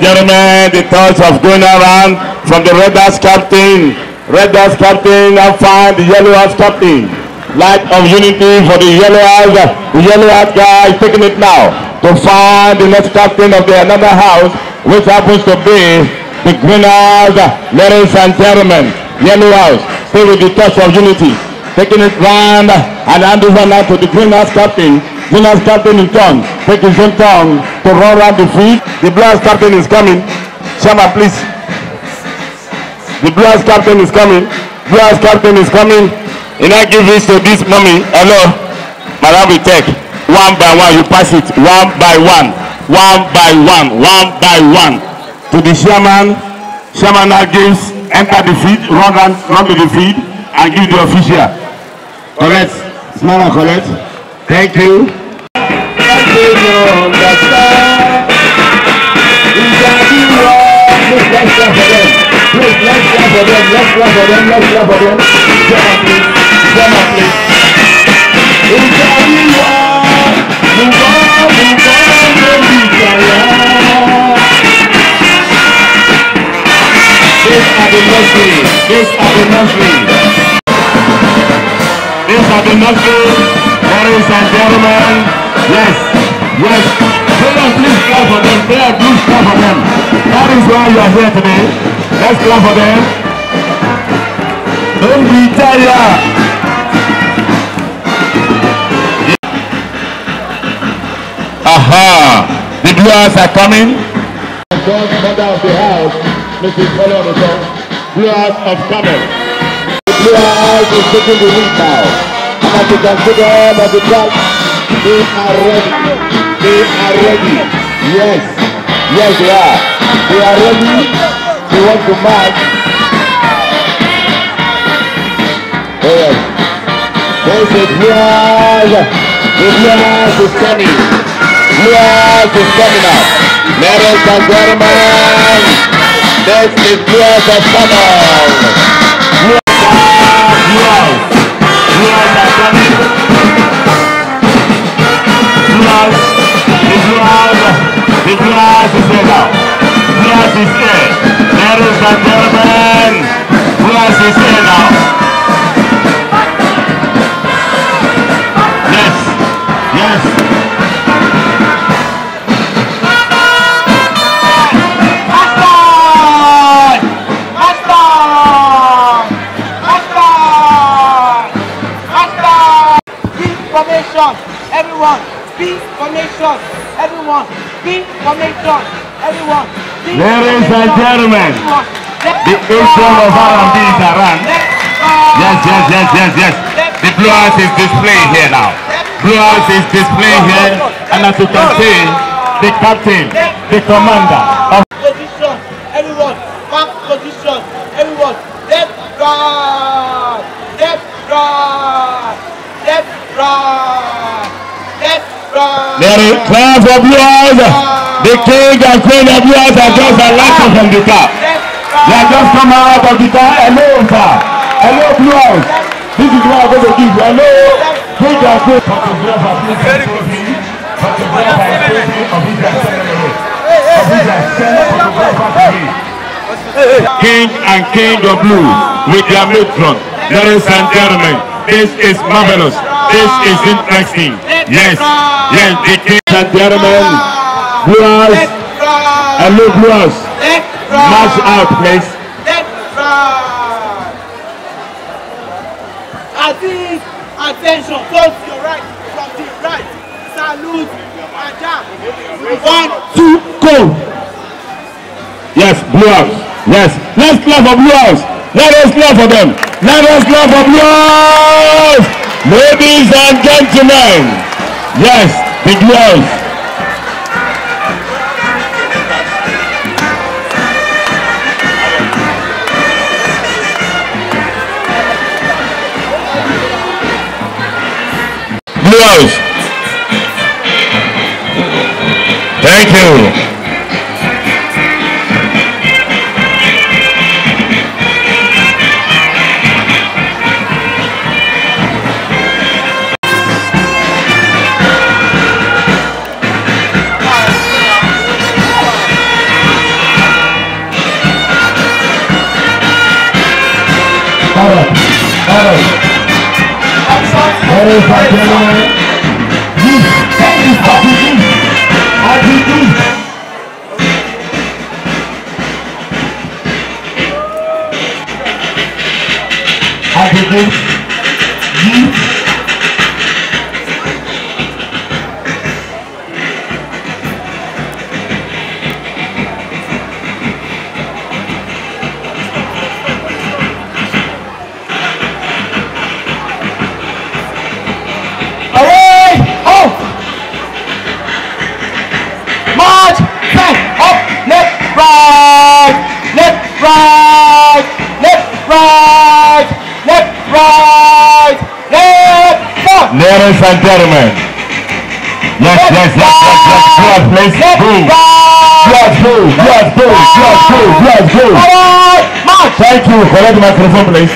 Gentlemen, the thoughts of going around from the Red House captain, Red House captain, and find the Yellow House captain. Light of unity for the Yellow House, the Yellow House guy is taking it now to find the next captain of the another house, which happens to be the Green House, ladies and gentlemen, Yellow House. Stay with the touch of unity, taking it round and hand over now to the Green House captain. Jonas captain in turn, take his own turn to run around the field. The Blues captain is coming. Shama, please. The Blues captain is coming. Blues captain is coming. And I give this to this mommy. Hello. Madam, we take. One by one, you pass it. One by one. One by one. One by one. To the chairman. Chairman now gives, enter the field, run, run, run to the field, and give the official. Correct. Smile and correct. Thank you. This is the nursery. This is the nursery. This the nursery ladies and gentlemen. Yes, yes. Players, please clap for them. Players, please clap for them. That is why you are here today. Let's clap for them. Don't be tired. Aha! The viewers are coming. God's mother of the house, Mrs. Colorado, viewers of coming. The viewers is taking the lead now. Magic and together, Magic They are ready. They are ready. Yes. Yes, they are. They are ready. They want to march. Oh, yes. There's a Diaz. The Diaz is coming. Diaz is coming up. Ladies and gentlemen, this is Diaz of Summer. Diaz, Everyone. Ladies and gentlemen, the issue of R&B is around. Yes, yes, yes, yes, yes. The blue house is displayed here now. Blue house is displayed here. And as you can see, the captain, the commander of position, everyone, back position, everyone, left guard, left guard, left guard, left guard. Let it clap for house. The king has said that you are just a lighter from the car. They are just coming out of the car. Hello, sir. Hello, Blue This is what I'm going to give you. Hello. Cage has said King and King of Blue with their matron. Ladies and gentlemen, this is marvelous. This is interesting. Yes, yes, the King and gentlemen. Blue Hello, Blue House. Mask out, please. attention, both your right from the right. Salute, Adam. One, two, go. Yes, Blue House. Yes, let's clap for Blue House. Let us clap for them. Let us clap for Blue House. Ladies and gentlemen, yes, the Blue House. applause. Thank you. 快点！ladies and gentlemen. Yes, yes, yes, yes, yes, yes, yes, go. Yes, go, yes, go, yes, go, yes, go. Thank you. Collect the microphone, please.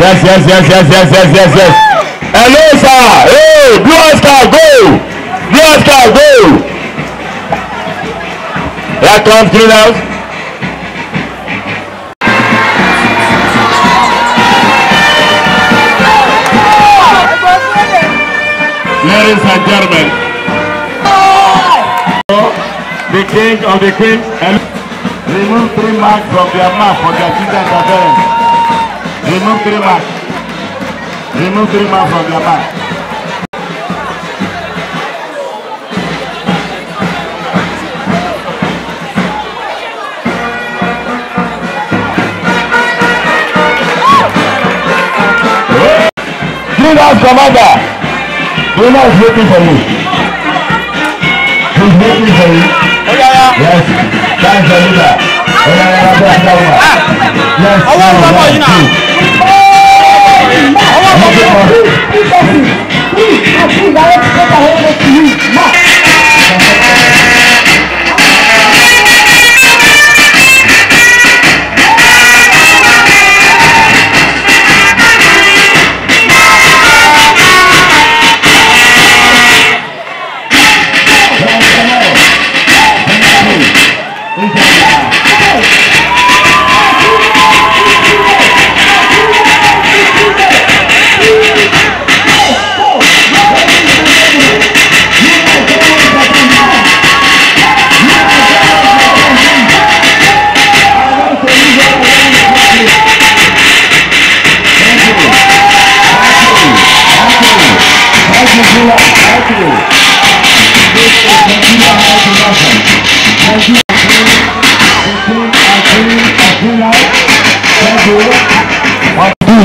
Yes, yes, yes, yes, yes, yes, yes, yes. Hello, sir. Hey, blue star, go. Blue star, go. Here comes Greenhouse. Ladies and gentlemen, the king of the queen, remove three marks from their map for their children's appearance. Remove three marks. Remove three marks from their map. Give us commander. Bruna is waiting for you. He's waiting for you. Yes. Thanks, Anita. Ah. Yes. Ọwọ́ ọ̀pọ̀ yìí náà. Ọwọ́ ọ̀pọ̀ yìí náà. Please, please, please, I see that to go to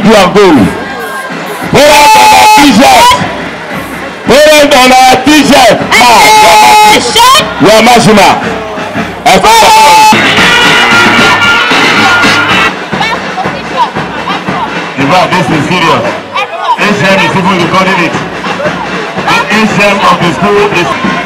you are going. Hold are to my t-shirt. Hold on to my t-shirt. You are Mashima. I found out. this is serious. HM is even recording it. The HM of the school is...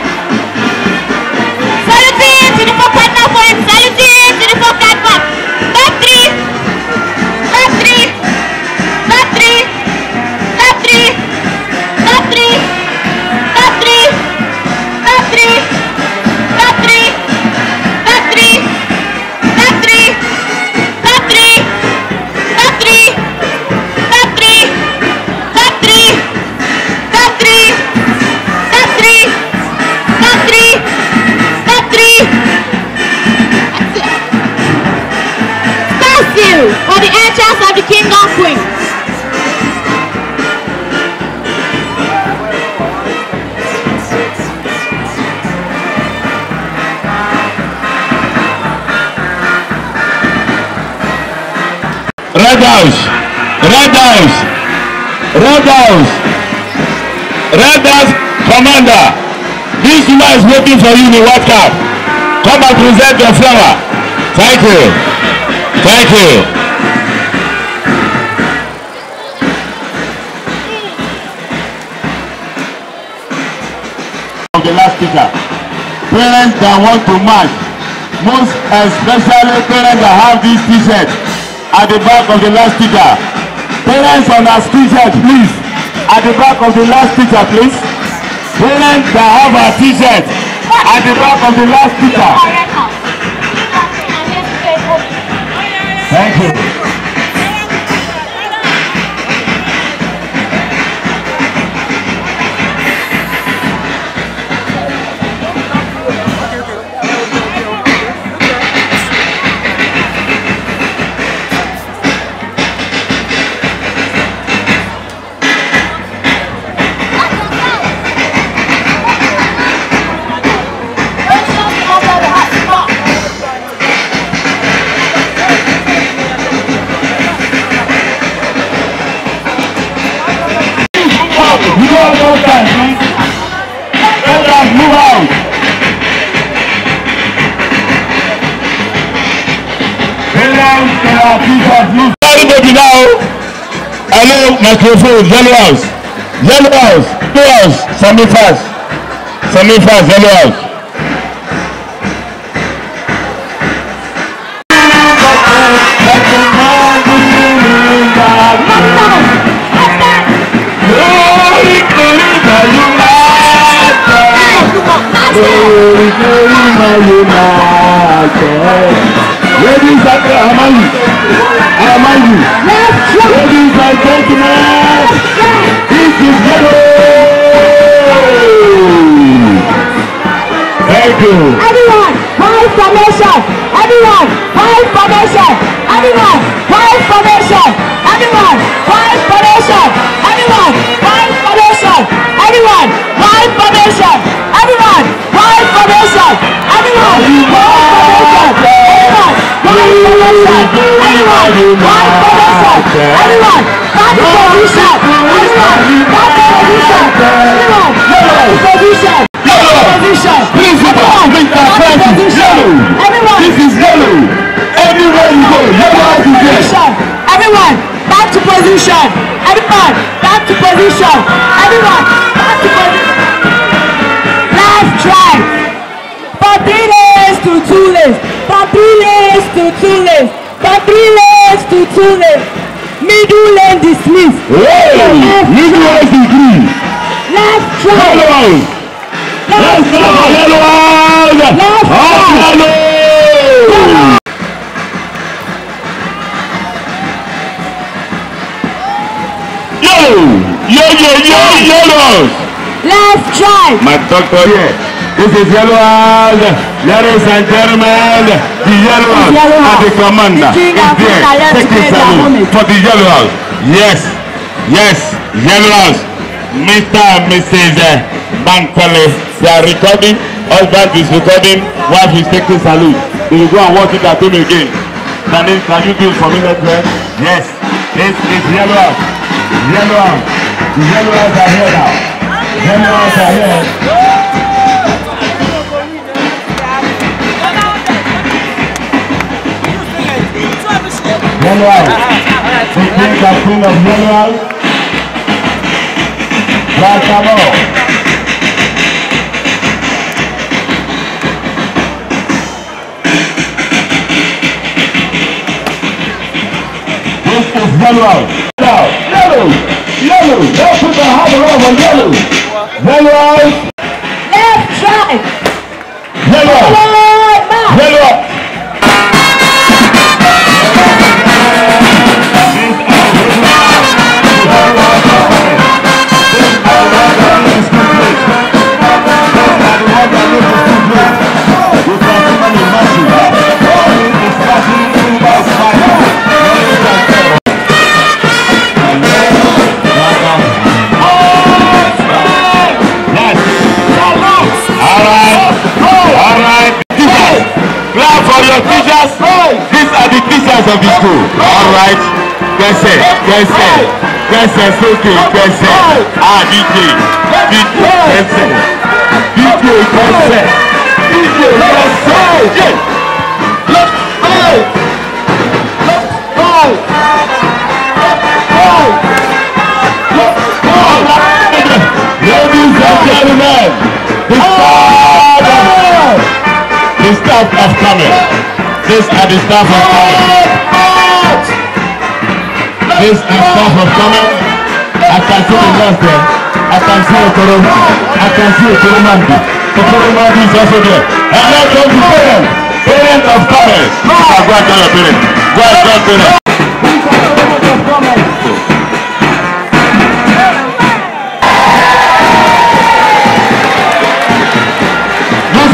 Red House, Red House, Red House, Red House Commander, this woman is waiting for you in the World Cup. Come and present your flower. Thank you. Thank you. the last speaker. Parents that want to march, most especially parents that have these t shirts at the back of the last speaker. Parents on our t-shirt, please. At the back of the last speaker, please. Parents that have our t-shirt at the back of the last speaker. Thank you. Everybody now. Hello, microphone, yellow house. Yellow house, yellow house, submit fast. Submit fast, yellow house. Ladies and gentlemen, I remind you, ladies and gentlemen, this is yellow. Thank you. Everyone, high formation. Everyone, high formation. Everyone, high formation. Everyone, high formation. Everyone, high formation. Everyone, high formation. for back back back Everyone, you Everyone, back to position. Everyone, back to position. Everyone, back to position. For three days to two days. For three days. to two lanes from three lanes to two lanes middle lane dismiss. Hey, middle lane dismiss. last try. come on last try. yellow out last try. yellow. yo yo yo yo yellow. last try. my doctor here yeah. this is yellow out. Ladies and gentlemen, the yellow house and the commander the is there taking salute for the yellow house. Yes, yes, yellow house. Mr. and Mrs. Bankole, they are recording. Husband is recording. Wife is taking salute. They will go and watch it at home again. Danny, can you do it for me that Yes, this is yellow house. Yellow house. The yellow house are here now. Yellow house are here. General. The king of queen of General. Baltimore. This is General. Now, yellow, yellow. Let's put the hammer over yellow. General. Left side. Yellow. Yellow. yellow. disco all right gbẹsẹ̀ gbẹsẹ̀ gbẹsẹ̀ sókè gbẹsẹ̀ ah dj dj gbẹsẹ̀ dj gbẹsẹ̀ dj gbẹsẹ̀ left eye left eye left eye. Ladies and gentlemen, the staff, the staff of coming. This are the staff of coming this instance of coming. I can see the last there. I can see the Okoro. I can see the Okoro Mandi. Okoro Mandi is also there. And now come to parents. Parents of coming. No. Ah, go and tell your parents. Go and tell parents. These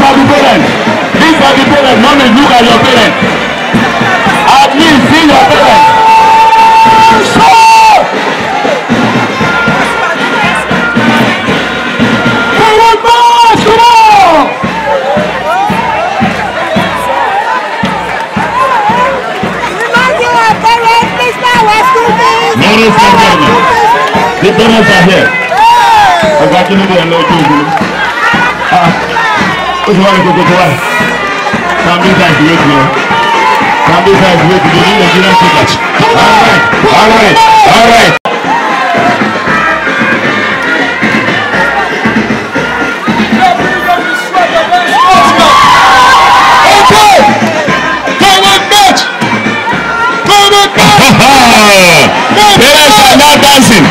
are the parents. These are the parents. Mommy, look at your parents. Yes, I'm here. Ọ̀gá Tinubu ẹ̀ lọ ojú ogun. Ah, ó ti wá ní gbogbo tó wà. Campaign time ti wéjì lọ. Campaign time ti wéjì lọ ní Nigerian cricket. All right, all right. Parents are not dancing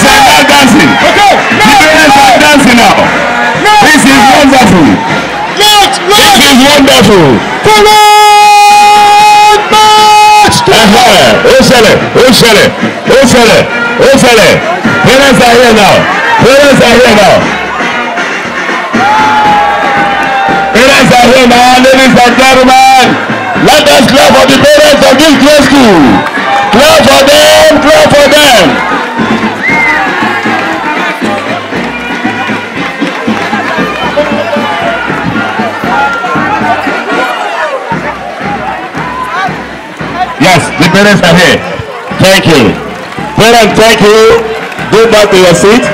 parents are now dancing. Okay. No, the parents no. are dancing now. No, this is wonderful. Not, not. This is wonderful. Forward march. Ó ṣẹlẹ̀, ó ṣẹlẹ̀, ó ṣẹlẹ̀, Parents are here now. Parents are here now. Parents are here now, ladies and gentlemen. Let us clap for the parents of this great school. Clap for them, clap for them. parents are here. Thank you. Parents, thank you. Go back to your seat.